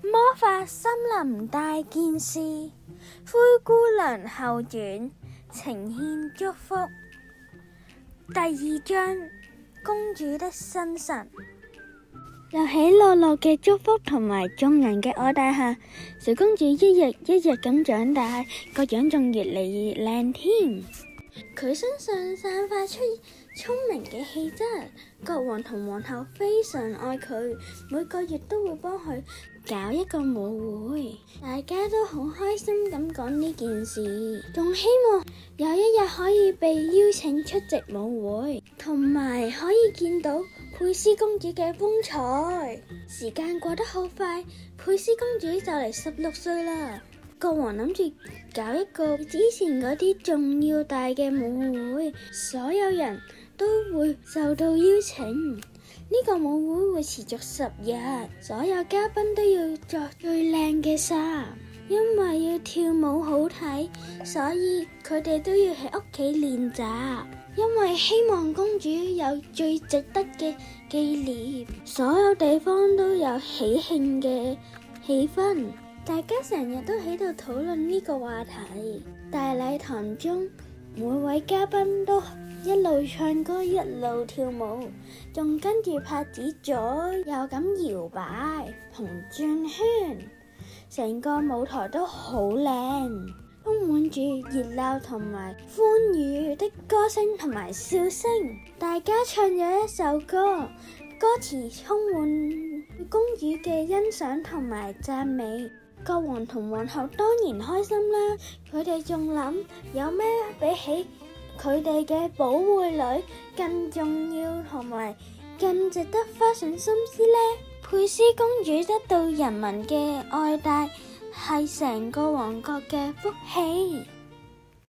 魔法森林大件事《灰姑娘後傳》呈獻祝福，第二章公主的生辰。又喜樂樂嘅祝福同埋眾人嘅愛戴下，小公主一日一日咁長大，個樣仲越嚟越靚添。佢身上散發出聰明嘅氣質，國王同皇后非常愛佢，每個月都會幫佢搞一個舞會，大家都好開心咁講呢件事，仲希望有一日可以被邀請出席舞會，同埋可以見到佩斯公主嘅風采。時間過得好快，佩斯公主就嚟十六歲啦。國王諗住搞一個比之前嗰啲仲要大嘅舞會，所有人都會受到邀請。呢、這個舞會會持續十日，所有嘉賓都要着最靚嘅衫，因為要跳舞好睇，所以佢哋都要喺屋企練習。因為希望公主有最值得嘅紀念，所有地方都有喜慶嘅氣氛。大家成日都喺度討論呢個話題。大禮堂中，每位嘉賓都一路唱歌，一路跳舞，仲跟住拍子做，又咁搖擺同轉圈，成個舞台都好靚，充滿住熱鬧同埋歡愉的歌聲同埋笑聲。大家唱咗一首歌，歌詞充滿公主嘅欣賞同埋讚美。國王同皇后當然開心啦，佢哋仲諗有咩比起佢哋嘅寶貝女更重要同埋更值得花上心思呢？佩斯公主得到人民嘅愛戴，係成個王國嘅福氣。